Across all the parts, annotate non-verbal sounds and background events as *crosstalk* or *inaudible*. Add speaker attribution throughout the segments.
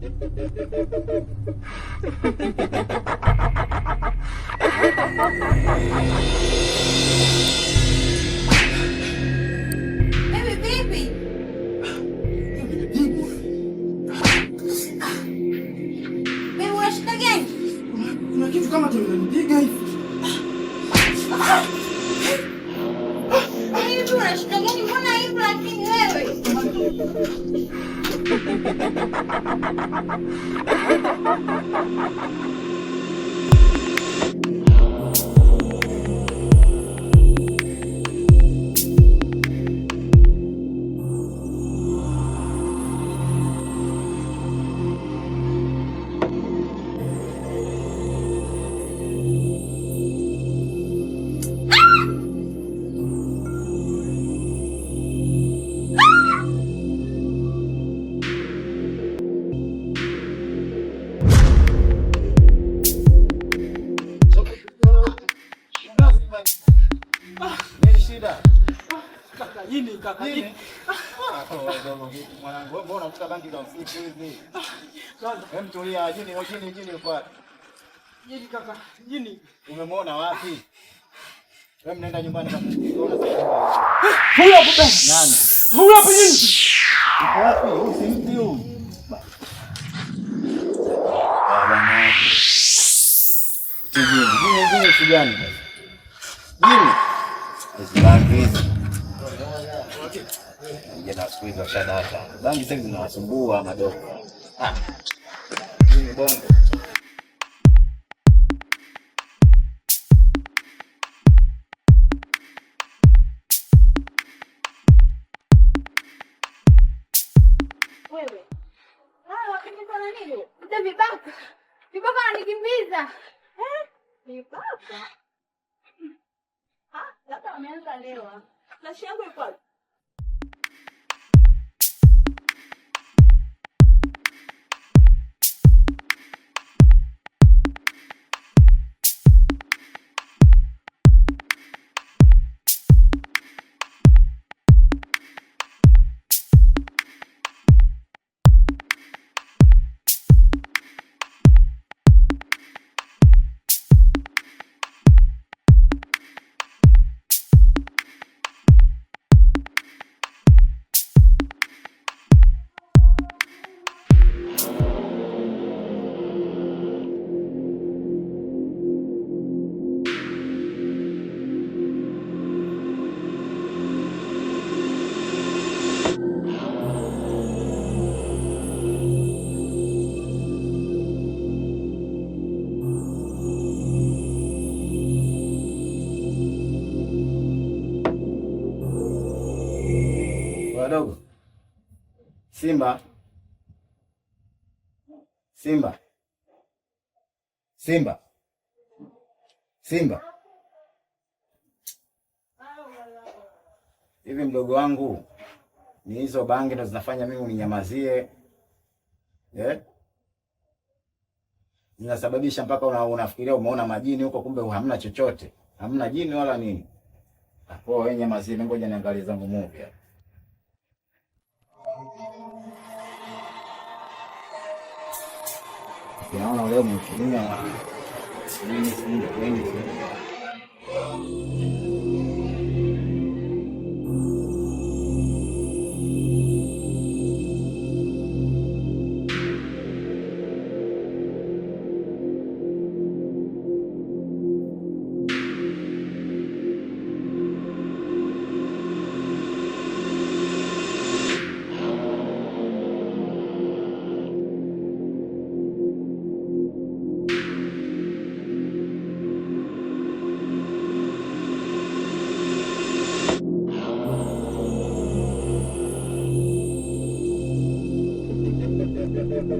Speaker 1: Kama unashinda gani? Mbona hivi lakini wewe Ha ha ha ha ha ha!
Speaker 2: Kaka nini kaka nini?
Speaker 3: Mwanangu wewe mbona unavuta bangi za usiku hizi? Hem, tulia jini jini jini kwa.
Speaker 2: Jini kaka jini.
Speaker 3: Umemwona wapi? Wewe mnaenda nyumbani kama Huyo hapo Nani?
Speaker 2: Huyo hapo jini.
Speaker 3: Uko wapi? Huyu si mtu huyu. Jini, jini, jini, jini, jini. Jini. Hizi bangi hizi. Vijana eh, siku hizi washadata bangi, sasa zinawasumbua madogo. Ah, ni bongo ah,
Speaker 1: Vibaka eh? hmm. ah, labda kwanza.
Speaker 3: wadogo. Simba, Simba, Simba, Simba. Hivi mdogo wangu, ni hizo bangi ndo zinafanya mimi uninyamazie eh? Zinasababisha mpaka una, unafikiria umeona majini huko, kumbe hamna chochote, hamna jini wala nini. Apo wenye mazini, ngoja niangalie zangu movie. 养老要我们姑娘啊，天天天天。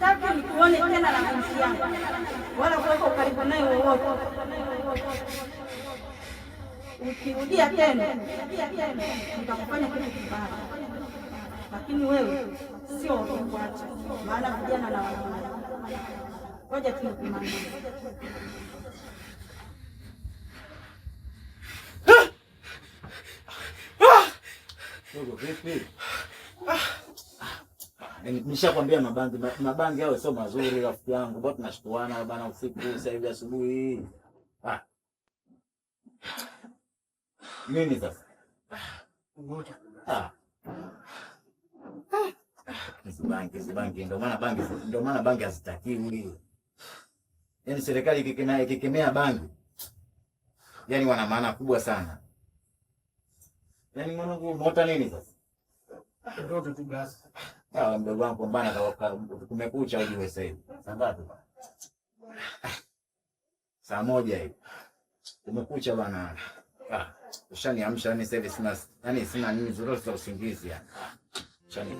Speaker 4: sitaki nikuone tena na binti yangu, wala kuweka ukaribu naye wowote. Ukirudia tena nitakufanya kitu kibaya, lakini wewe sio wakuacha, maana vijana na wanaume. Ngoja tunakumaliza.
Speaker 3: Ah! ah! Nishakwambia mabangi mabangi hayo sio mazuri, rafiki yangu Bado tunashtuana bana, usiku sasa hivi asubuhi. Ah. Nini sasa?
Speaker 2: Ngoja. Ah.
Speaker 3: Zibangi, bangi, ndio maana bangi ndio maana bangi hazitakiwi. Yaani serikali ikikemea ikikemea bangi. Yaani wana maana kubwa sana. Yaani mwanangu mota nini sasa?
Speaker 2: Ndoto tu basi.
Speaker 3: Sawa mdogo wangu, mbana kumekucha, ujue sasa hivi saa ngapi? *sighs* Saa moja hivi kumekucha bana, ah, ushaniamsha. ni yaani sasa hivi sina, yani sina nini, zuri za usingizi yani.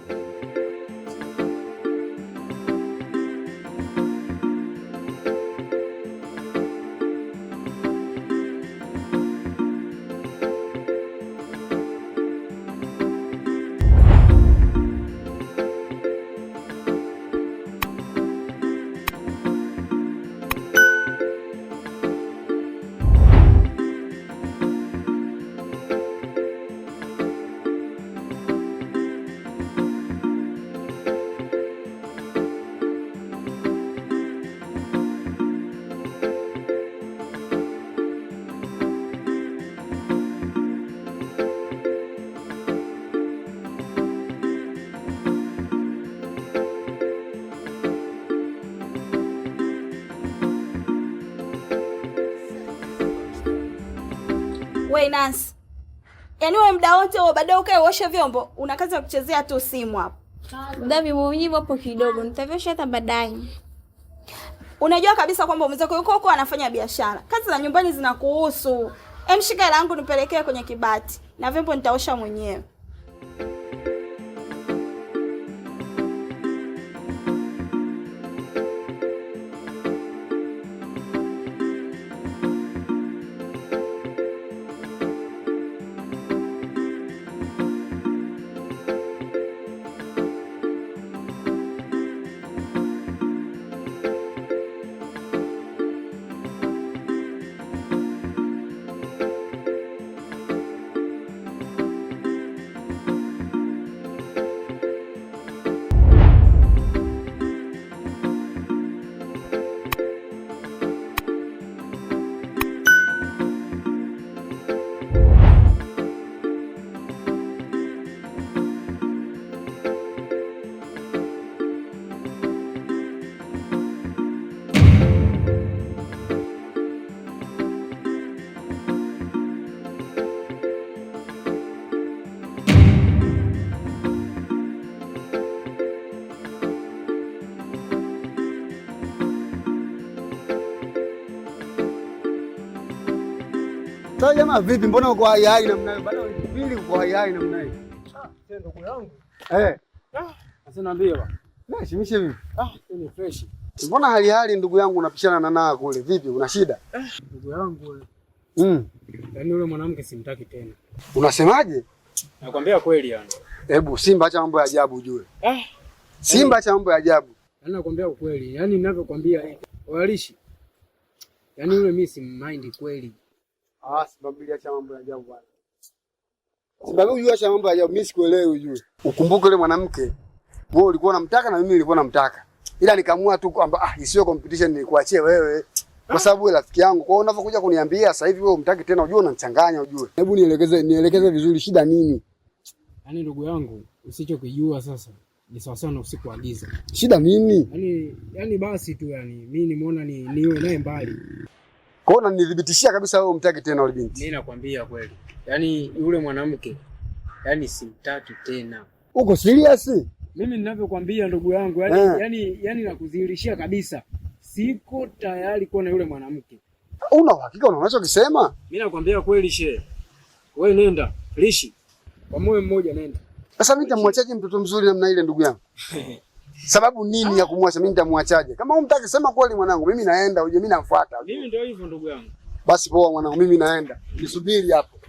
Speaker 5: Binance. Yaani wewe muda wote wewe baadaye ukae uoshe vyombo, una kazi ya kuchezea tu simu hapo.
Speaker 6: Dabi mwenyewe hapo kidogo, nitavyosha hata baadaye.
Speaker 5: Unajua kabisa kwamba mwenzako yuko huko anafanya biashara. Kazi za nyumbani zinakuhusu. Emshika hela yangu nipelekee kwenye kibati na vyombo nitaosha mwenyewe.
Speaker 3: Sasa jamaa vipi, mbona uko hai hai namna hiyo? Bado vipi uko hai hai namna hiyo.
Speaker 2: Ah, tendo kwa yangu.
Speaker 3: Eh. Ah, sasa niambie ba. Na shimishe vipi? Ah, ni fresh. Mbona hali hali ndugu yangu unapishana na naa kule? Vipi una shida? Eh,
Speaker 2: ndugu yangu wewe. Mm. Yaani yule mwanamke simtaki tena.
Speaker 3: Unasemaje?
Speaker 7: Nakwambia kweli yani.
Speaker 3: Hebu Simba acha mambo ya ajabu ujue. Eh. Simba acha mambo ya ajabu.
Speaker 2: Yaani nakwambia ukweli. Yaani ninavyokuambia walishi. Yaani yule mimi simmind kweli.
Speaker 3: Ah, Simba Bili acha mambo ya ajabu bwana. Simba Bili acha mambo ya ajabu, mimi sikuelewi ujue. Ukumbuke yule mwanamke, wewe ulikuwa unamtaka na mimi nilikuwa namtaka. Ila nikamua tu kwamba ah, isiyo competition nikuachie wewe. Kwa sababu wewe rafiki yangu. Kwa hiyo unapokuja kuniambia sasa hivi wewe umtaki tena, unajua unanichanganya ujue. Hebu nielekeze nielekeze vizuri shida nini?
Speaker 2: Yaani ndugu yangu, usichokijua sasa ni sawa sawa na usikuagiza.
Speaker 3: Shida nini? Yaani
Speaker 2: yaani basi tu yani mimi nimeona ni niwe naye mbali.
Speaker 3: Kwa hiyo unanidhibitishia kabisa wewe umtaki tena yule binti.
Speaker 7: Mimi nakwambia kweli. Yaani yule mwanamke yaani simtaki tena.
Speaker 3: Uko serious?
Speaker 2: Mimi ninavyokuambia ndugu yangu, yaani yeah. yaani yaani nakudhihirishia kabisa. Siko tayari kuwa na yule mwanamke.
Speaker 3: Una uhakika una unachokisema?
Speaker 7: Mimi nakwambia kweli she. Wewe nenda, rishi Kwa moyo mmoja nenda.
Speaker 3: Sasa mimi nitamwachaje mtoto mzuri namna ile ndugu yangu? *laughs* Sababu nini ya kumwacha? Mimi nitamwachaje? Kama humtaki sema kweli, mwanangu, mimi naenda uje, mimi nafuata.
Speaker 7: Mimi ndio hivyo, ndugu yangu.
Speaker 3: Basi poa mwanangu, mimi naenda, nisubiri hapo.